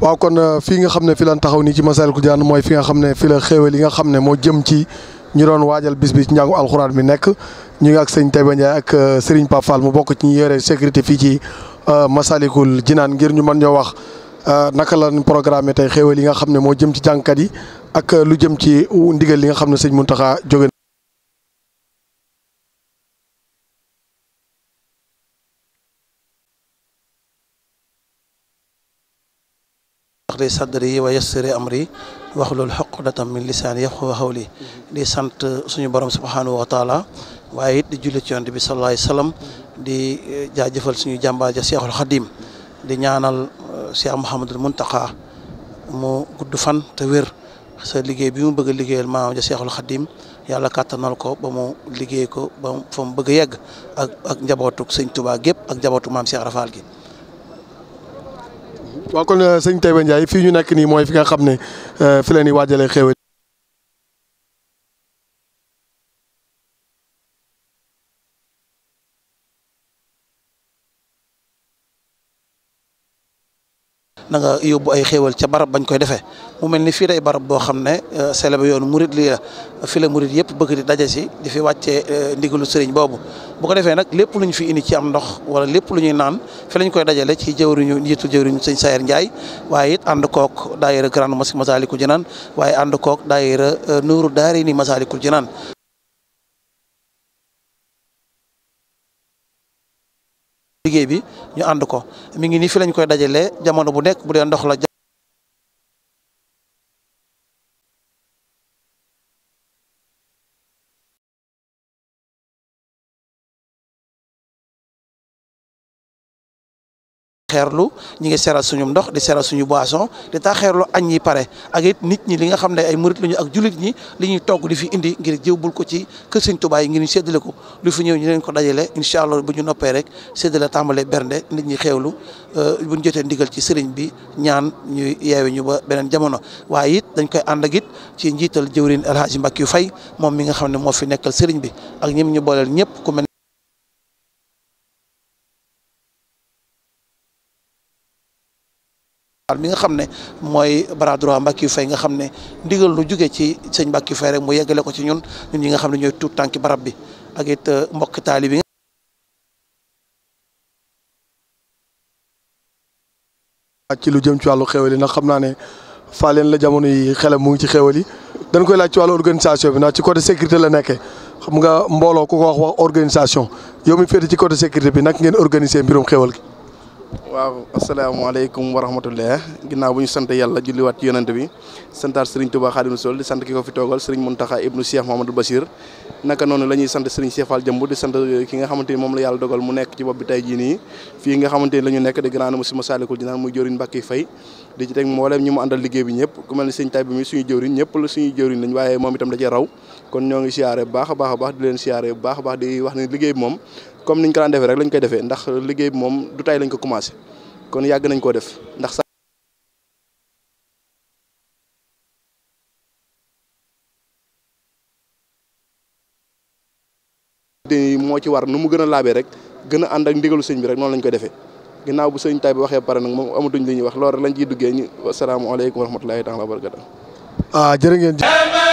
waaw kon euh, fii nga xam ne fi lan taxaw nii ci Massalikul Jinaan mooy fi nga xam ne fi la xéewal yi nga xam ne moo jëm ci ñu doon waajal bis bi ci njàngu alxuraan mi nekk ñu ngi ak sëñ Taïba Ndiaye ak euh, sëriñ Pape Fall mu bokk ci ñu yore sécurité fii ci euh, Massalikul Jinaan ngir ñu mën ñoo wax naka lan programme tey xéewal yi nga xam ne moo jëm ci jàngkat yi ak lu jëm ci ndigal li nga xam ne sëñ Mountakha jóge li sadri wa yassiri amri waxlul xoqdatam min lisaani yafqahu xawli di sant suñu borom subhanahu wa taala waaye it di julli ci bi sallallahu alayhi wasallam di jaajëfal suñu jàmbaar ja Seexul Xadim di ñaanal Cheikh uh, Mouhamadul Muntaqa mu gudd fan te wér sa liggéey bi mu bëgg a liggéeyal maam ja Seexul Xadim yàlla kàttanal ko ba mu liggéey ko ba mu bëgg a yegg ak ak njabootu sëñ Tuubaa gépp ak njabootu maam Cheikh Rafal gi waaw kon euh, sëñ Taïba Ndiaye fii ñu nekk nii mooy fi nga xam ne euh, fi la ñuy waajalee xéwal na nga yóbbu ay xéewal ca barab bañ koy defee mu mel ni fii day barab boo xam ne euh, sele ba yoonu murit lii la la murit yëpp bëgg di daje si di fi wàcce euh, ndigalu sëriñ boobu bu ko defee nag lépp lu ñu fi indi ci am ndox wala lépp lu ñuy naan fi lañ koy dajale ci jëwriñu njiitu jëwriñu sëñ Sayer Ndiaye waaye it ànd kook daayira Grande Mosquée Massalikul Jinaan waaye ànd kook daayira euh, Nuuru Daarayni Massalikul Jinaan liggéey bi ñu ànd ko mi ngi nii fi lañ koy dajalee bu nekk bu dee ndox xeerlu ñi ngi seral suñu ndox di seral suñu boisson di tax xeerlu añ yi pare ak it nit ñi li nga xam ne ay murit lañu ak jullit ñi li ñuy togg di fi indi ngir bul ko ci kër Sëñ Tuubaa yi ngir ñu séddale ko lu fi ñëw ñu leen ko dajale incha allah bu ñu noppee rek séddale tàmbale bernde nit ñi xeewlu euh, bu ñu jotee ndigal ci seriñ bi ñaan ñu yeewe ñu ba beneen jamono waaye it dañ koy ànd ak it ci njiital jëwriñ El Hadji yu Fay moom mi nga xam ne moo fi nekkal sëriñ bi ak mi nga xam ne mooy bras droit Mbackiou Faye nga xam ne ndigal lu jóge ci sëñ Mbackiou Faye rek mu yeggalee ko ci ñun ñun ñi nga xam ne ñooy tuut tànki barab bi ak it euh, mbokk taali bi ci lu jëm ci wàllu xéwal yi nag xam naa ne Fallène la jamono yi xelam mu ngi ci xéwal yi dañ koy ci wàllu organisation bi ndax ci côté sécurité la nekkee xam nga mbooloo ku ko wax wax organisation yow mi féete ci côté sécurité bi nag ngeen organiser mbirum xewal gi waaw asalaamaaleykum wa rahmatullah ginnaaw bu ñu sant yàlla julliwaat ci yonent bi santaat Serigne Touba Xaadimu Rasuul di sant ki ko fi toogal Serigne Mountakha Ibnu la ñuy sant Serigne Cheikh Fall Jëmb di sant moom la yàlla dogal mu nekk ci bopp bi ni la ñu nekk di Grand Moussa Massalikul Jinaan muy jëwriñ Mbàkke mu àndal liggéey bi ñëpp ku mel ni sëñ tay bi mi waaye moom itam da cee raw kon ñoo ngi siyaare bu baax a baax a baax di leen siyaare bu baax a baax di wax ne liggéey bi moom comme niñ ko daan defee rek lañ koy defee ndax liggéey bi moom du tay lañ ko commencé kon yàgg nañ koo def ndax. moo ci war nu mu gën a laabee rek gën ànd ak ndigalu sëñ bi rek noonu lañ koy defee ginnaaw bu sëñ tay bi waxee pare nag moom amatuñ li ñuy wax loolu rek lañ ciy duggee ñu asalaamaaleykum wa rahmatulahi taala wa barakatu ah jërë